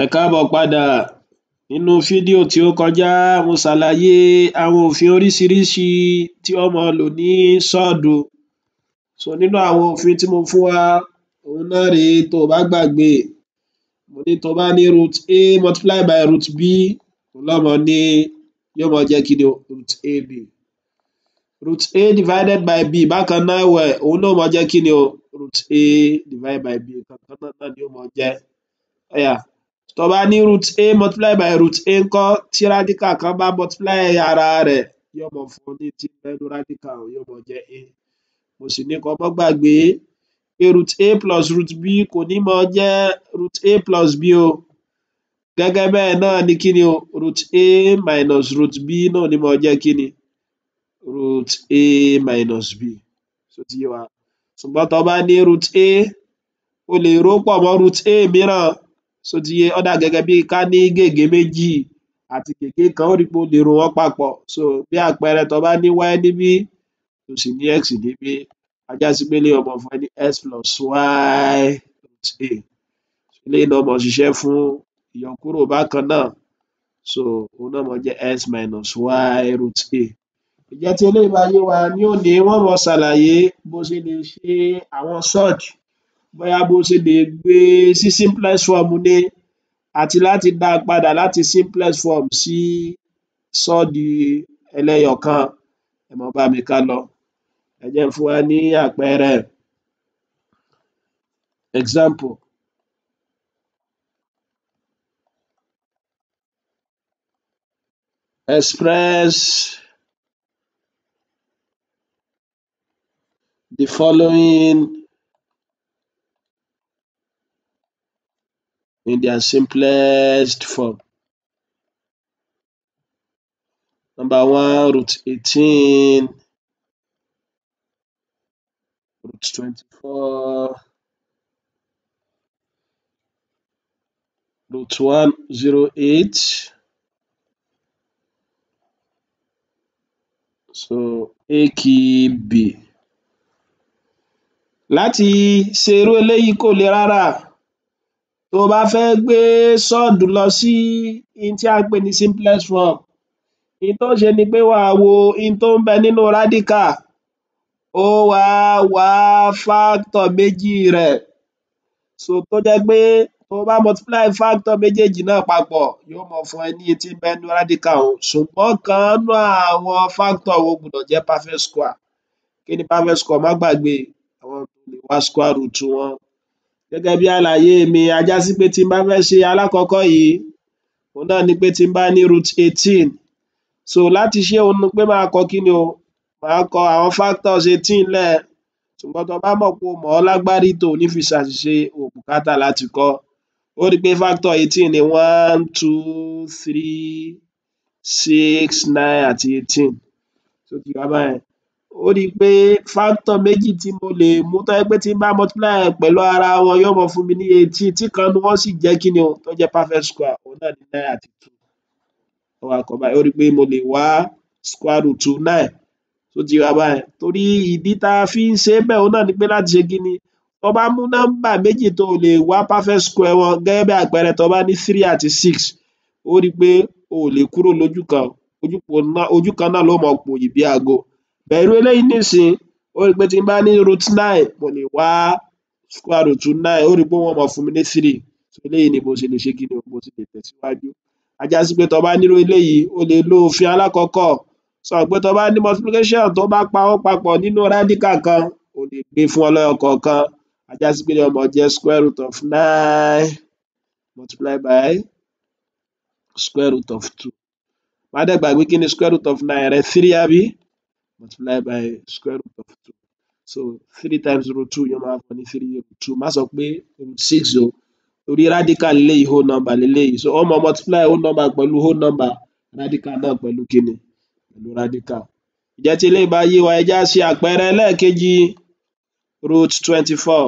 Ẹ káàbọ̀ padà nínú fídíò tí ó kọjá mo ṣàlàyé àwọn òfin oríṣiríṣi tí wọ́n máa lò ní sọ́ọ̀dù so nínú àwọn òfin tí mo fún wa òun náà rèé tó o bá gbàgbé mo ní tó o bá ní root a multiply by root b òun ló máa ní yóò máa jẹ́ kí ni o root ab root a divided by b bákan náà ẹ̀wẹ̀ òun náà máa jẹ́ kí ni o root a divided by b kankan náà ni yóò máa jẹ́ ó tó bá ní root a multiply by root a ńkọ́ tí radical kan bá multiply ara rẹ̀ yóò mọ fún ní tí ń radical un yóò mọ jẹ́ a mo sì ní kó mọ́ gbàgbé pé root a plus root b kò ní mọ jẹ́ root a plus b o gẹ́gẹ́ bẹ́ẹ̀ náà ni kí ni o root a minus root b náà ní mọ jẹ́ kí ni root a minus b so ti yé wa ṣùgbọ́n tó bá ní root a o lè rò mọ́ root a mìíràn so ti yé ó dà gẹ́gẹ́ bí ká ní gègé méjì àti gègé kan ó lè rò wọ́n papọ̀ so bí àpẹẹrẹ tó bá ní y níbí tó sì ní x níbí á sí pé eléyìí ó fún ẹ ní x plus y plus a eléyìí náà ó máa ṣiṣẹ́ fún ìyọkúrò bákan náà so òun náà máa jẹ́ x minus y root a ǹjẹ́ tí eléyìí bá yé wa ní òní wọ́n máa ṣàlàyé bó ṣe lè ṣe àwọn search bóyá bó ṣe lè gbé sí simplest form ni àti láti dá a padà láti simplest form sí sọ́ di ẹlẹ́yọ̀kan ẹ mọ́ bá mi ká lọ ẹ jẹ́ fún wa ní àpẹẹrẹ example express the following in their simplest form. Number one, root 18, root 24, root 108. So A kì í B. Láti ṣe irú eléyìí le rárá tó o bá fẹ́ gbé sword lọ sí ohun tí à pè ní simplest form ohun tó ṣe ni pé wà wo ohun tó ń bẹ nínú radical ó wà á wà á factor méjì rẹ̀ so tó jẹ́ pé tó o bá multiply factor méjèèjì náà papọ̀ yóò máa fún ẹ ní ohun tí ń bẹ nínú radical ọ̀hún ṣùgbọ́n ọ̀kan nínú àwọn factor wo gbọ́dọ̀ jẹ́ perfect square kí ni perfect square má gbàgbé àwọn lè wá square root wọn Gẹ́gẹ́ bí àlàyé mi a já sí pé tí n bá fẹ́ ṣe alákọ̀ọ́kọ́ yìí òhun náà ni pé tí n bá ní root eighteen so láti ṣé òhun ni pé máa kọ kíni o màá kọ àwọn factors eighteen lẹ̀ ṣùgbọ́n tó o bá mọ̀ pé o mọ̀ ọ́ lágbárí tó o ní fi ṣàṣìṣe o ò láti kọ Ó ó ri pé factor eighteen ni one two three six nine àti eighteen so ti yé wa báyẹn ó ri pé factor méjì tí mo lè mú tó jẹ́ pé tí n bá multiply ẹ̀ pẹ̀lú ara wọn yó máa fún mi ní eighteen tí ìkan nínú wọn sì jẹ́ kí ni o tó jẹ́ perfect square òhun náà ni nine àti two ó wá ó ri pé mo lè wá square root nine ṣó ti yé wa torí ìdí tá a fi ń ṣe é bẹ́ẹ̀ òhun náà ni pé láti ṣe kí ni tó bá mú nọ́mbà méjì tó lè wá perfect square wọn gẹ́gẹ́ bí àpẹẹrẹ tó bá ní three àti six ó ri pé o ò lè kúrò lójú kan ojú kan náà ló máa pòyì bí aago But irú eléyìí nísìnyí ó ri pé tí n bá ní root nine mo lè wá square root nine ó ri pé wọ́n máa fún mi ní three eléyìí ni mo ṣe lè ṣe kíni o mo ṣe lè tẹ̀síwájú á sí pé tó bá ní eléyìí o lè lo òfin alákọ̀ọ́kọ́ sọ pé tó bá ní multiplication tó bá pa wọ́n papọ̀ nínú radical kan o lè gbé fún wọn lẹ́yọ kọ̀ọ̀kan á sí pé yóò máa jẹ́ square root of nine multiplied by square root of two má dẹ̀ gbàgbé kí ni square root of nine rẹ̀ three àbí multiply by square root of two so three times root two yóò máa fún ní three root two má sọ pé root six o torí radical leléyìí whole number leléyìí so ó máa multiply whole number pẹ̀lú whole number radical náà pẹ̀lú kíni pẹ̀lú radical ǹjẹ́ tí eléyìí bá yé wa ẹ já ṣe àpẹẹrẹ ẹlẹ́ẹ̀kejì root twenty four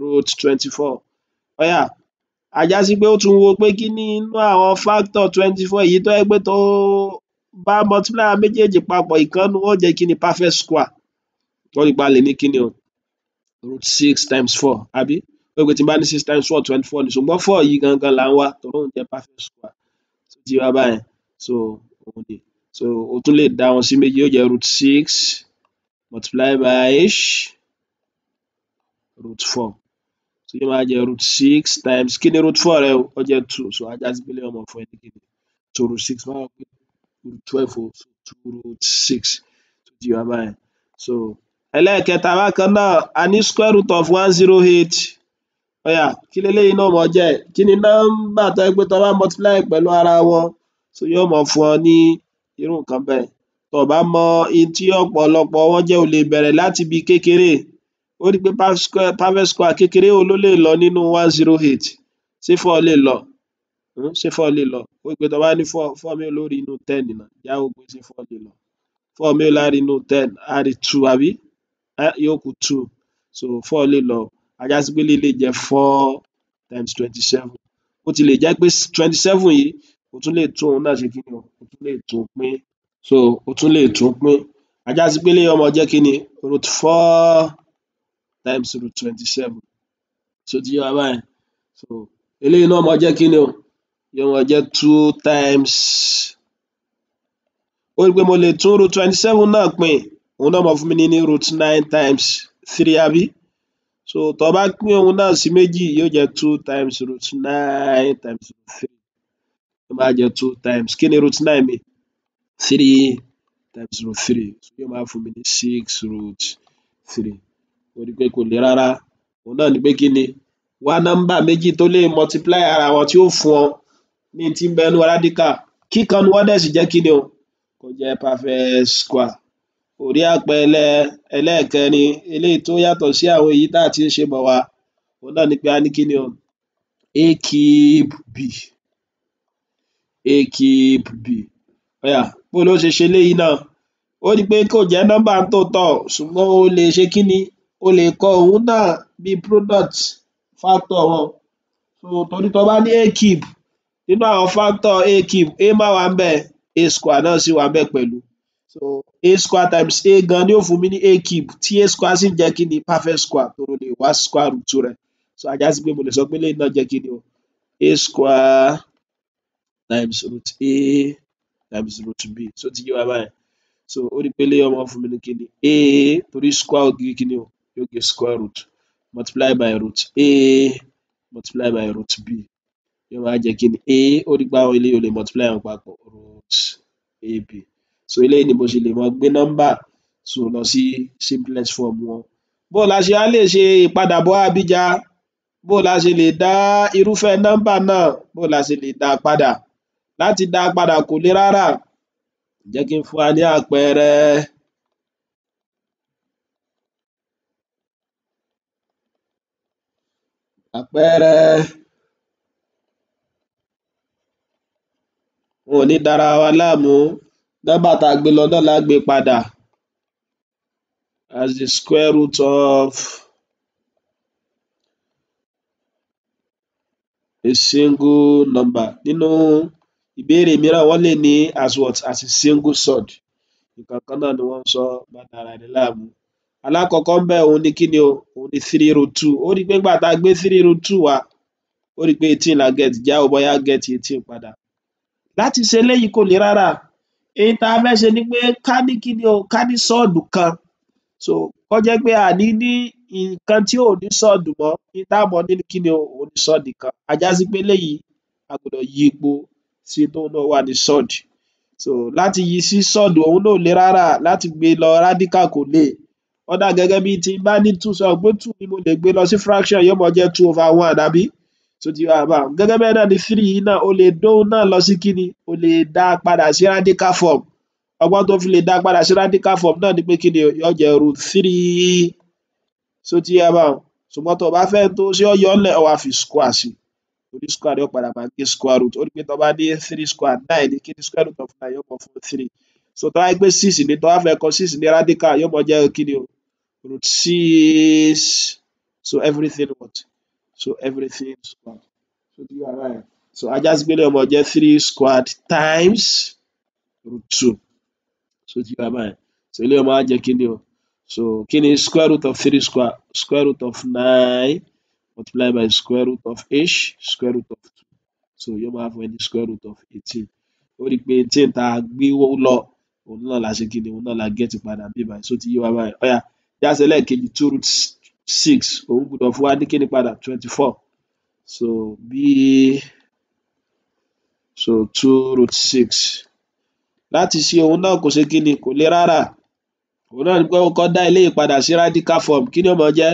root twenty four ó yá a já sí pé ó tún wo pé kí ni nínú àwọn factor twenty four èyí tó jẹ́ pé tó bá multiply méjèèjì papọ̀ ìkan nínú wọn ó jẹ́ kí ni perfect square wọ́n rí lè ní kí o root six times four àbí ó pé tí n bá ní six times four twenty four ni ṣùgbọ́n four yìí gangan là ń wá tòun jẹ́ perfect square tó ti wá báyẹn so òun ni so o tún lè dá wọn sí méjì yóò jẹ́ root six multiply by h root four so yóò máa jẹ́ root six times kí ni root four rẹ ó jẹ́ two so ajá sí pé lè ọmọ fún ẹ ní kí so root six máa wọ pé twelve o oh two root six tó ti wá so ẹlẹ́ẹ̀kẹta bákan náà a ní square root of one zero eight ó yá kí leléyìí náà mọ jẹ́ kí ni nọ́mbà tó jẹ́ tó bá multiply pẹ̀lú ara wọn so yóò mọ fún ọ ní irú nǹkan bẹ́ẹ̀ tó o bá mọ ohun tí ọ̀pọ̀lọpọ̀ wọn jẹ́ o lè bẹ̀rẹ̀ láti ibi kékeré ó rí pé perfect square kékeré wo ló lè lọ nínú one zero eight sí lè lọ um ṣé four lè lọ ó pé tó bá ní four four mélòó ló rí inú ten náà já wò pé ṣé four lọ four mélòó la inú ten a rí àbí yóò kù two so four lè lọ a sí pé eléyìí jẹ́ four times twenty seven ó ti lè jẹ́ pé twenty seven yìí o tún lè tún òun náà ṣe kí ni o tún lè tún pín so o tún lè tún pín a sí pé eléyìí ọmọ jẹ́ kí ni root four times root twenty seven so ti yé wa so eléyìí náà ọmọ jẹ́ kí ni o yóò máa jẹ́ two times ó rí i pé mo lè tún root twenty seven náà pín òun náà máa fún mi ní root nine times three àbí so tó o bá pín òun náà sí méjì yóò jẹ́ two times root nine times three yóò máa jẹ́ two times kí ni root nine mi three times root three yóò máa fún mi ní six root three ó rí i pé kò le rárá òun náà ni pé kí ni wá nọ́mbà méjì tó lè multiply ara wọn tí ó fún ọ ní ti ń bẹ nínú radical kíkan ni wọ́n dẹ̀ sì jẹ́ kí ni o kó jẹ́ perfect square orí àpẹẹlẹ ẹlẹ́ẹ̀kẹrin eléyìí tó yàtọ̀ sí àwọn èyí tá à ti ń ṣe bọ̀ wá òun náà ni pé a ní kí ni o a cube b a cube b ọ̀yà bó ló ṣe ṣe eléyìí náà ó rí pé kò jẹ́ nọ́mbà tó tọ́ ṣùgbọ́n o lè ṣe kí ni o lè kọ òun náà bí product factor wọn torí tó bá ní a cube nínú àwọn factor a cube a má wà ńbẹ̀ a square náà sì wà ńbẹ̀ pẹ̀lú so a square times a gan ni ó fún mi ní a cube tí a square sì jẹ́ kí ni perfect square tó lè wá square root rẹ̀ so ajá sí pé mo lè sọ pé lẹ́yìn náà jẹ́ kí ni o a square times root a times root b so ti yé wa báyìí so ó rí pé lẹ́yìn ọmọ fún mi ní kí ni a torí square ògiri kí ni o yóò gé square root multiply by root a multiply by root b yóò wá jẹ́ kí ni a ó rí pé àwọn eléyìí ò lè multiply wọn papọ̀ root ab so eléyìí ni mo ṣe lè mọ gbé nọ́mbà so lọ sí simplest form wọn. bó o la ṣe á lè ṣe ìpadàbọ̀ abíjà bó o la ṣe lè dá irúfẹ́ nọ́mbà náà bó o la ṣe lè dá a padà láti dá a padà kò le rárá jẹ́ kí n fún wa ní àpẹẹrẹ. àpẹẹrẹ. kò ní dara wa láàmú nọ́mbà tá a padà as the square root of a single number nínú ìbéèrè mìíràn wọ́n lè ní as what as a single sword nǹkan kan náà ni wọ́n sọ má dara láàmú alákọ̀ọ́kọ́ ń bẹ̀ òun ni kí ni o òun ni three root two ó rí i láti ṣe eléyìí kò le rárá èyí tá a fẹ́ ṣe ni pé ká ní kíni o ká ní sọ́ọ̀dù kan so kó jẹ́ pé a ní ní nǹkan tí ò ní sọ́ọ̀dù mọ́ ohun tá mọ̀ ní kíni o òhun ni sọ́ọ̀dì kan a já sí pé eléyìí a gbọ́dọ̀ yí ipò sí tóhun náà wà ní sọ́ọ̀dì so láti yí sí sọ́ọ̀dù òhun náà ò le rárá láti gbé lọ radical kò le ó dà gẹ́gẹ́ bíi tí n bá ní two sọ pé two ni mo lè gbé lọ sí fraction yóò máa jẹ́ two over one àbí tó ti wá ah, bá gẹ́gẹ́ bẹ́ẹ̀ náà ni three yìí náà o lè dóhùn náà lọ sí kíni o lè dá a padà sí radical form ọgbọ́n tó fi lè dá a padà sí radical form náà ni pé kíni yóò jẹ́ root three tó ti wá ah, bá ṣùgbọ́n tó o bá fẹ́ tó ṣé ọyọ ńlẹ̀ ọ wá fi square sí torí square yóò padà máa gé square root ó ní pé tó o bá ní three square nine kíni square root of nine yóò kọ fún three so tó wáá gbé six ni tó wáá fẹ́ kọ six ní radical yóò mọ jẹ́ kíni o root six so everything what. So everything squared. So do you are right. So a já sí pé three squared times root two. So do you are right. So ilé ọmọ á jẹ́ kí ni o. So kí ni square root of three square square root of nine multiplied by square root of h square root of two. So yóò máa fún ẹ ní square root of eighteen. Ó rí i pé eighteen tá a gbé lọ òun náà la ṣe kí ni òun náà la gẹ́tì padà bí báyìí. So ti yé wa báyìí. Ó yá, yá sẹ́lẹ̀ kejì two roots six òun gbọ́dọ̀ fún wa ní kíni padà twenty four so bí so two root six láti ṣe òun náà kò ṣe kíni kò le rárá òun náà ni pé ó kọ́ dá eléyìí padà sí radical form kí ni ó máa jẹ́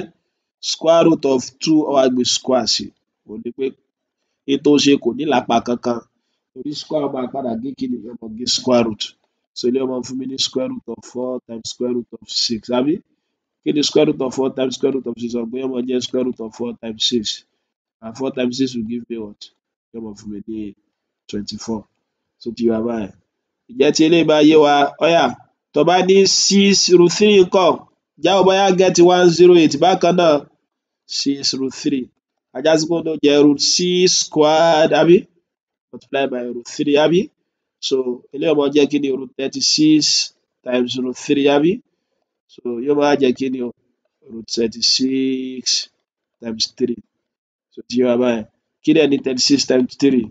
square root of two ó wá gbé square sí òun ni pé ètò ṣe kò ní lápá kankan torí square máa padà gé kíni yóò máa gé square root so eléyìí ó máa fún mi ní square root of four times square root of six àbí kí ni square root of four times square root of six ọ̀pọ̀ yóò mọ jẹ́ square root of four times six and four times six will give me what yóò mọ fún mi ní twenty four tó ti wá báyìí ìjẹ́ tí eléyìí bá yé wa ọ̀yà tó bá ní six root three ńkọ́ jáwọ́ bóyá get one zero eight bákan náà six root three ajásíkò ló jẹ́ root six squared àbí multiply by root three àbí so eléyìí ọmọ jẹ́ kí ni root thirty six times root three àbí. so yóò wá jẹ́ kíni o thirty six times three so ti yé wa ni thirty six times three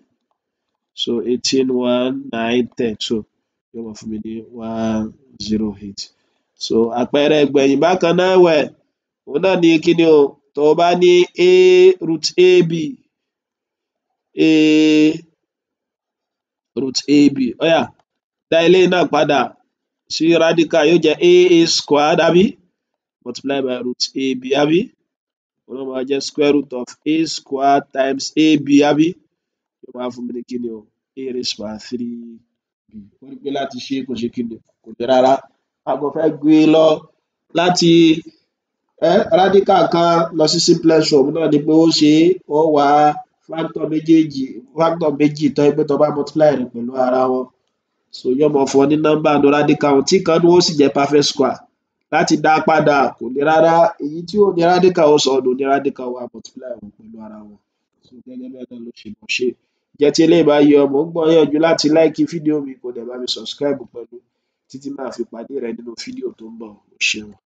so eighteen one nine ten so yóò máa fún one zero eight so apẹẹrẹ gbẹ̀yìn bákan náà wẹ̀ òun náà ni kíni o tó bá ní a root ab a root ab ó yá dá eléyìí náà padà tí radical yóò jẹ́ aa squared àbí multiply by root ab àbí òun náà máa jẹ́ square root of a squared times ab àbí yóò máa fún mi ní kí o a raised by three b ó rí i pé láti ṣe kò ṣe kí ni kò le rárá a kò fẹ́ gbé e lọ láti radical kan lọ sí simplest form náà ni pé ó ṣe ó wá factor méjèèjì factor méjì tó ẹgbẹ́ tó bá multiply rẹ̀ pẹ̀lú ara wọn so yóò mọ fún ọ ní nọ́mbà nuradic count tí kan ní ó sì jẹ́ perfect square láti dá padà kò ní rárá èyí tí ò ní radic count sọnù ní radic count wa multiply wọn pẹ̀lú ara wọn so gẹ́gẹ́ bẹ́ẹ̀ náà ló ṣe mọ̀ ṣe jẹ́ tí eléyìí bá yẹ ọmọ ń gbọ́yànjú láti láìkí fídíò mi kò dẹ̀ bá mi subscribe pẹ̀lú títí máa fi pàdé rẹ nínú fídíò tó ń bọ̀ o ṣeun